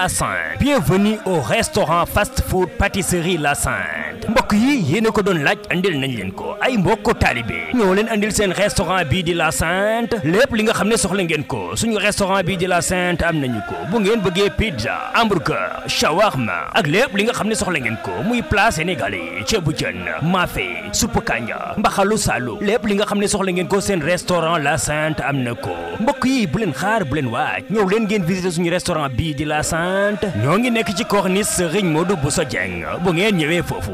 Lassin. Bienvenue au restaurant fast-food pâtisserie Lassin. Inde mbokk yi yéena ko doon laaj andil nañ leen ko ay mbokk taalibe ñoo leen andil seen restaurant bii di la Sainte lépp li nga xam ne soxla ngeen ko suñu restaurant bii di la Sainte am nañu ko bu ngeen bëggee pizza hamburger shawarma ak lépp li nga xam ne soxla ngeen ko muy plat sénégalais ceebu jën mafé supp kanja mbaxalu salu lépp li nga xam ne soxla ngeen ko seen restaurant la Sainte am na ko mbokk yi bu leen xaar bu leen waaj ñëw leen ngeen visiter suñu restaurant bii di la Sainte ñoo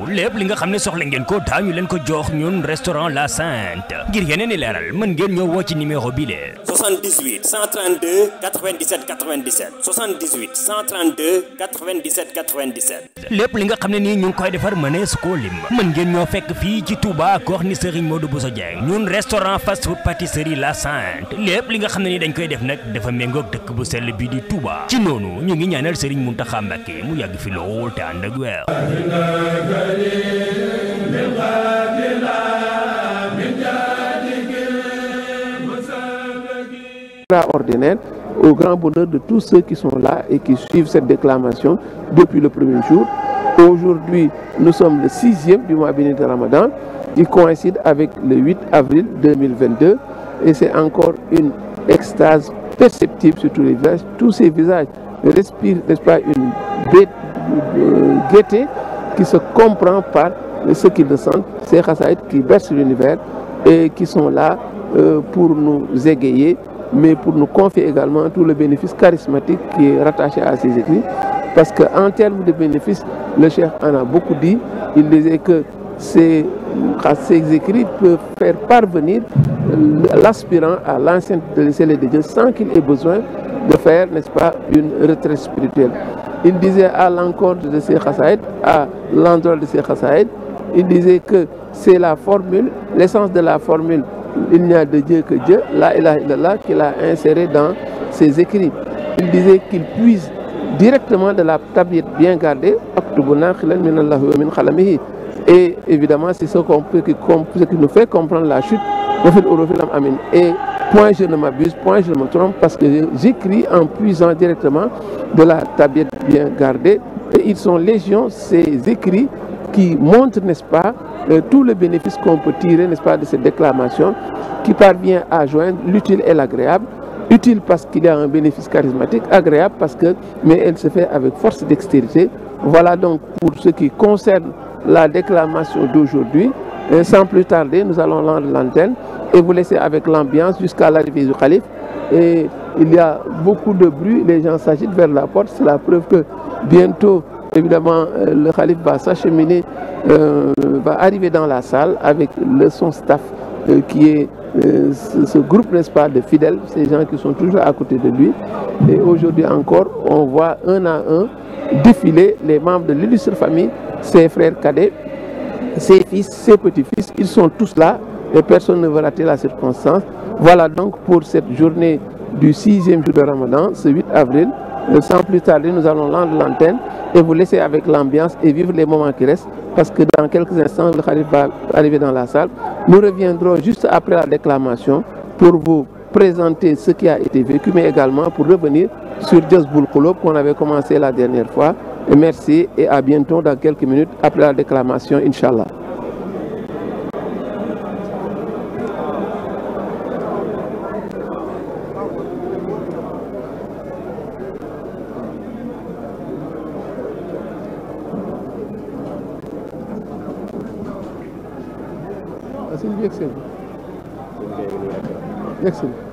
lépp li nga xam ne soxla ngeen ko daañu leen ko jox ñun restaurant La Sainte ngir yeneen i leeral mën ngeen ñoo woo ci numéro bi le 78 132 97 97 78 132 97 97 lépp li nga xam ne nii ñu ngi koy defar mënees koo lim mën ngeen ñoo fekk fii ci Touba ko wax ni Serigne Modou Bousso Dieng ñun restaurant fast food pâtisserie La Sainte lépp li nga xam ne nii dañ koy def nag dafa méngoog dëkk bu sell bi di Touba ci noonu ñu ngi ñaanal Serigne Mountakha Mbacké mu yàgg fi lool te ànd ak extraordinaire au grand de tous ceux qui sont là et qui suivent cette déclamation depuis le premier jour. Aujourd'hui, nous sommes le sixième du mois béni de Ramadan, qui coïncide avec le 8 avril 2022 et c'est encore une extase perceptible sur tous les visages. Tous ces visages respirent, n'est-ce pas, une euh, gaieté qui se comprend par ce qu'ils ressentent, ces chassaïdes qui bercent l'univers et qui sont là euh, pour mais pour nous confier également tout le bénéfice charismatique qui est rattaché à ses écrits. Parce qu'en termes de bénéfices, le chef en a beaucoup dit. Il disait que ces, ces écrits peuvent faire parvenir l'aspirant à l'ancienne célé de Dieu sans qu'il ait besoin de faire, n'est-ce pas, une retraite spirituelle. Il disait à l'encontre de ces chassaïd, à l'endroit de ces chassaïd, il disait que c'est la formule, l'essence de la formule il n'y a de Dieu que Dieu, la ilaha illallah, qu'il a inséré dans ses écrits. Il disait qu'il puise directement de la tablette bien gardée, et évidemment, c'est ce, qu ce, qui nous fait comprendre la chute. Et point je ne m'abuse, point je ne me trompe, parce que j'écris en puisant directement de la tablite bien gardée. Et ils sont légion, ces écrits qui montrent, n'est-ce pas, euh, tout le bénéfice qu'on peut tirer, n'est-ce pas, de cette déclamation qui parvient à joindre l'utile et l'agréable. Utile parce qu'il y a un bénéfice charismatique, agréable parce que, mais elle se fait avec force et dextérité. Voilà donc pour ce qui concerne la déclamation d'aujourd'hui. Et euh, sans plus tarder, nous allons l'antenne et vous laisser avec l'ambiance jusqu'à l'arrivée du calife. Et il y a beaucoup de bruit, les gens s'agitent vers la porte. C'est la preuve que bientôt, évidemment, euh, euh, va arriver dans la salle avec le son staff euh, qui est euh, ce, ce, groupe, n'est-ce pas, de fidèles, ces gens qui sont toujours à côté de lui. Et aujourd'hui encore, on voit un à un défiler les membres de l'illustre famille, ses frères cadets, ses fils, ses petits-fils. Ils sont tous là et personne ne veut rater la circonstance. Voilà donc pour cette journée du sixième jour de Ramadan, ce 8 avril. Euh, sans plus tarder, nous allons lancer l'antenne et vous laisser avec l'ambiance et vivre les moments qui restent parce que dans quelques instants, le Khalif va arriver dans la salle. Nous reviendrons juste après la déclamation pour vous présenter ce qui a été vécu, mais également pour revenir sur Jazbul Kolob qu'on avait commencé la dernière fois. Et merci et à bientôt dans quelques minutes après la déclamation, Inch'Allah. yegsil yegsil yegsil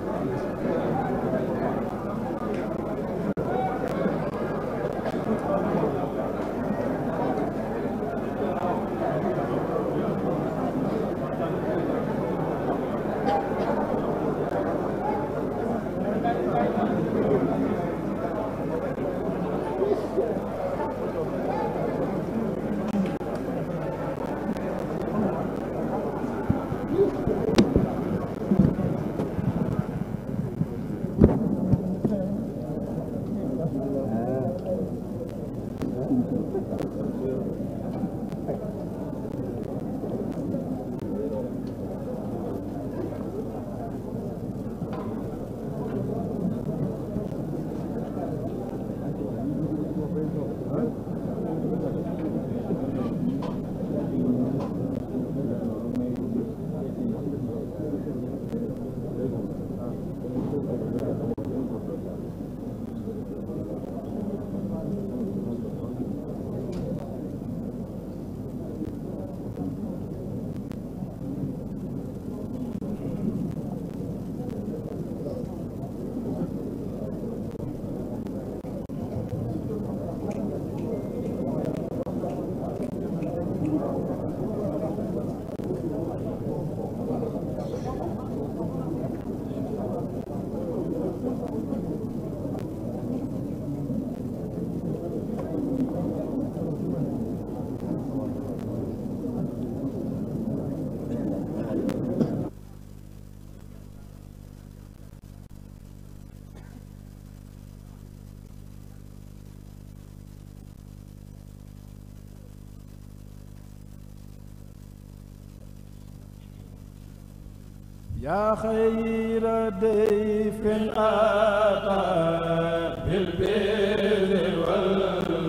yaa xayra dayfin ataa bil birri wal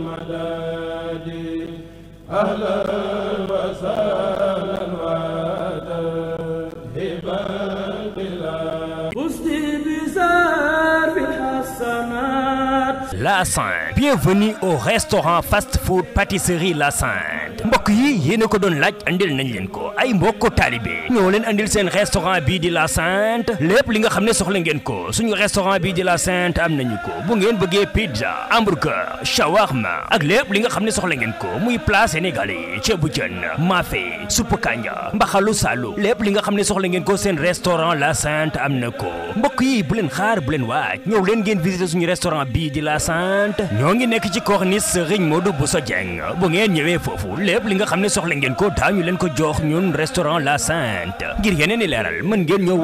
madaadi ahlan wa sahlan wa tarhiban bilaa usti bi safi hasanat La Sainte, bienvenue au restaurant fast food pâtisserie La Sainte mbokk yi yéena ko doon laaj andil nañ leen ko ay mbokk taalibe ñoo leen andil seen restaurant bii di la Sainte lépp li nga xam ne soxla ko suñu restaurant bii di la Sainte am nañu ko bu ngeen bëggee pizza hamburger shawarma ak lépp li nga xam ne soxla ngeen ko muy plat sénégalais ceebu jën mafé supp kanja mbaxalu salu lépp li nga xam ne soxla ko seen restaurant la Sainte am na ko mbokk yi bu leen xaar bu leen waaj ñëw leen ngeen visiter suñu restaurant bii di la Sainte ñoo ngi nekk ci corniche Kun restaurant La Sainte ngir yeneen i leeral mën ngeen ñëw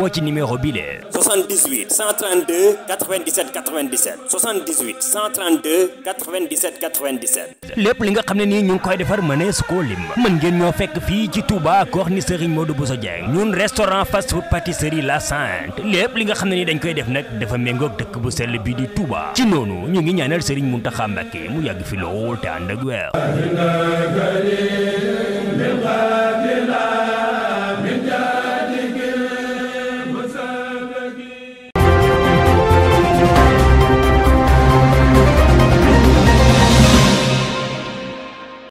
woo bi le 78 132 97 97 78 132 97 97 lépp li nga xam ne nii ñu ngi koy defar mënees koo lim mën ngeen ñoo fekk fii ci Touba Corniche Serigne Modou Bousso Dieng ñun restaurant fast food pâtisserie La Sainte lépp li nga xam ne nii dañ koy def nag dafa méngoog dëkk bu sell bi di Touba ci noonu ñu ngi ñaanal Serigne Mountakha Mbacké mu yàgg fi lool te ànd ak weer